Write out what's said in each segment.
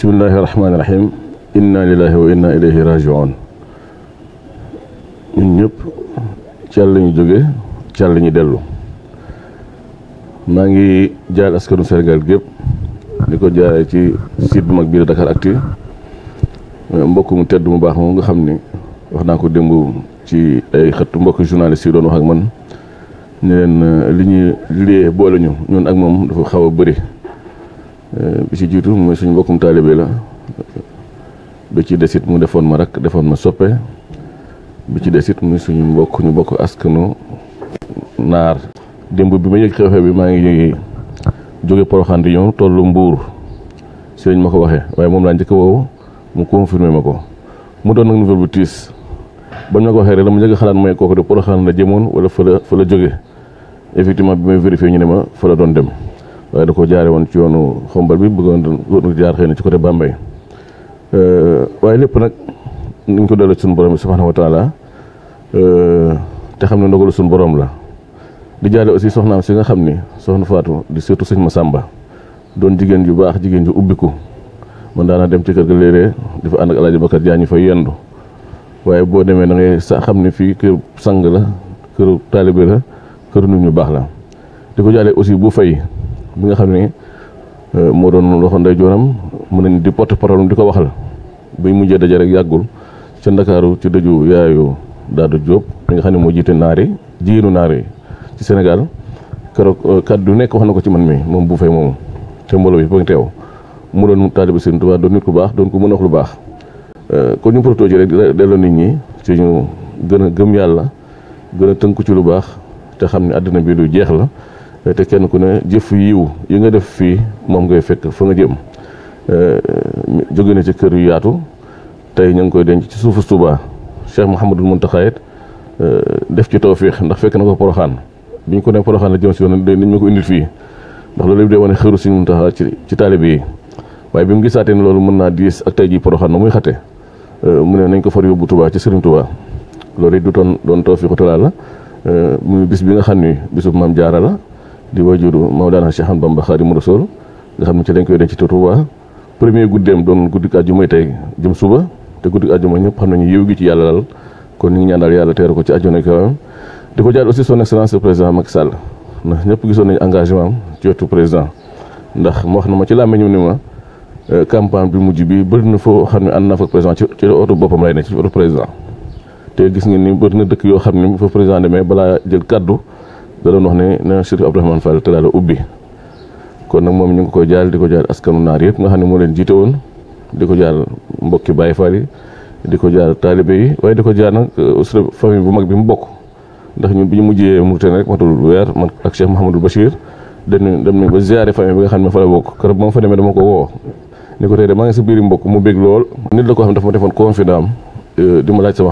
bismillahi rahmaani rahim inna lillahi wa inna ñun ñëpp ci Yàlla lañu jóge ci Yàlla lañu dellu maa ngi jaal askanu Sénégal gépp di ko jaaree ci site bu mag bii Dakar Actu euh, mbokk mu tedd mu baax moom nga xam ni wax naa ko démb ci ay xët mbokk journaliste yi doon wax ak man ne euh, li ñuy liyee booleñu ñu ñun ak moom dafa xaw a bëri Euh, bi si jiitu mooy suñ mbokkum taalibe la bi ci desit mu defoon ma rek defoon ma soppe bi ci desit muy suñu mbokk ñu bokk askanu naar démb bi ma yëg xew-xew bi maa ngi jóge Porokhane di ñëw tollu mbuur si ma ko waxee waaye moom laa njëkk woowu mu confirmé ma ko mu doon nag nouvelle bu tiis bañ ma ko waxee la mu njëkk xalaat mooy kooku de Porokhane la jëmoon wala fa la fa la jóge effectivement bi may vérifié ñu ne ma fa la doon dem waaye da ko jaare woon ci yoonu xombal bi bëggoon jaar xëy na ci côté Bambey euh, waaye lépp nag niñ ko delloo suñu borom bi subhanahu wa taala euh, te xam ne ndogalu suñu borom la di jaare aussi soxnaam si nga xam ni soxna Fatou di surtout sëñ sàmba doon jigéen yu baax jigéen ju ubbiku man daanaa dem ci kër ga léeg-léeg di fa ànd ak Alaaji Bakar Jaañ ñu fay yendu waaye boo demee da ngay sa xam ne fii kër sang la kër taalibe la kër nu ñu baax la di ko jaale aussi bu fay bi nga xam ne euh, moo doon loxo nday jooram mën nañ di porte parole di ko waxal bi mujjee daje rek yàggul ca ndakaaru ci dëju yaayu Daado Diop mi nga xam ne moo jiite naari jigéenu naari ci Sénégal keroog euh, kàddu nekk wax na ko ci man mi moom bu fay moomu te mbooloo bi foog teew mu doon taalibe Sëriñ Tuubaa doon nit ku baax doon ko mën a lu baax euh, kon potoo profité ji rek delloo nit ñi ci ñu gën a gëm yàlla gën tënku ci lu baax te xam ne àddina bi du jeex la te kenn ku ne jëf yiw yi nga def fii moom ngay fekk fa nga jëm eh, jóge na ci kër yu yaatu tey ñu ngi koy denc ci suufu Tuubaa Cheikh Mouhamadul Mountakha it eh, def ci tawfiix ndax fekk na ko Poroxaan bi ñu ko ne Poroxaan la jëm si woon dañ ñu ko indil fii ndax loolu yëpp day wane xëru Sëriñ Mountakha ci ci taalibe yi waaye bi mu gisaatee ni loolu mën naa diis ak tey jii Poroxaan na muy xate eh, mu ne nañ ko far yóbbu Tuubaa ci Sëriñ Tuubaa loolu it du doon doon tawfiixu Talla la muy bis bi xam ni maam jaara la. di wajuru Maulana Cheikh Ahmad bakhari Xaadimu nga xamni ci dañ koy dee ci wa premier guddeem doon guddik àjjuma tay jëm suba te guddik àjjuma ñëpp xam nañu yiw gi ci yalla dal kon ñi ngi ñaanal yalla teeru ko ci àjjuna kawam di ko jaar aussi son excellence le président Macky Sall ndax ñëpp gisoon nañ engagement ci wetu président ndax mo wax na ma ci làmmiñu ni ma campagne eh, bi mujju bi bëri na fo xamni an na fa président ci ci oto boppam lay nekk ci auto président te gis ngeen ni bëri na dëkk yo xamni ne fa président demee bala jël cadeau da doon wax ne na Chérif Abdourahmane Fall te daal ubbi kon nag moom ñu ngi ko jaal di ko jaal askanu naar yëpp nga xam ne moo leen jiite woon di ko jaal mbokki Baye Fall yi di ko jaal taalibe yi waaye di ko jaal nag euh, aussi famille bu mag bi mu bokk ndax ñu bi ñu mujjee Mauritanie rek matul weer man ak Cheikh Mouhamadul Bachir dem nañ ba ziare famille bi nga xam ne fale la bokk keroog ba ma fa demee dama ko woo ni ko tey de maa ngi sa biir mbokk mu bég lool nit la ko xam ne dafa ma defoon confident am euh, di ma laaj sama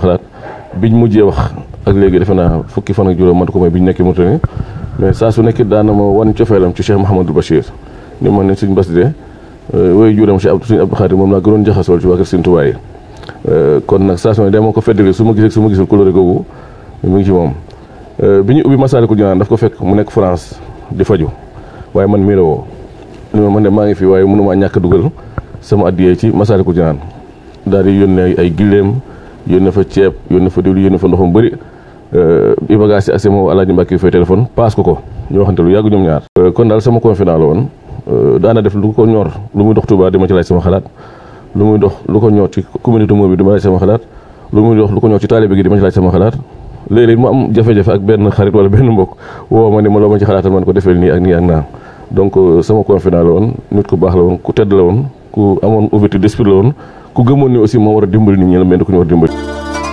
wax ak léegi defe naa fukki fan ak juróom mën ko mooy bi ñu nekkee Mauritanie mais saa su nekk daana ma wan cofeelam ci Cheikh Mouhamadou Bachir ni ma ne suñ Bass de euh, wooyu juram Cheikh Abdou suñu Abdou moom laa gënoon jaxasool ci waa kër Sëriñ Tuubaa euh, kon nag saa su ne dama ko feddali su ma gisee su ma gisul couleur googu mi ngi ci moom euh, bi ñu ubbi Masaalikul Jinaan daf ko fekk mu nekk France di faju waaye man mii la ma man de maa ngi fi waaye mënumaa ñàkk dugal sama addiyee ci Masaalikul Jinaan daal di yónnee ay gileem yónnee fa ceeb yónnee fa diwli yónnee fa ndox mu bëri Euh, Iba Gaz si accès moom Alaaji Mbàkke fay téléphone paas ko ko ñu waxante lu yàgg ñoom ñaar. Euh, kon daal sama confident la woon euh, daana def lu ko ñor lu muy dox Touba di ma ci laaj sama xalaat lu muy dox lu ko ñor ci communauté moom bi di ma laaj sama lu muy dox lu ko ñor ci taalibe gi di ma ci laaj sama xalaat. léeg-léeg mu am jafe mbokk woo ma ne ma ma ci xalaatal man ko defeel nii ak nii ak naa donc baax la woon ku tedd la woon ku amoon ouverture d'esprit la woon ku gëmoon ni aussi moo war a dimbali nit ñi la mel ni ku ñu dimbali.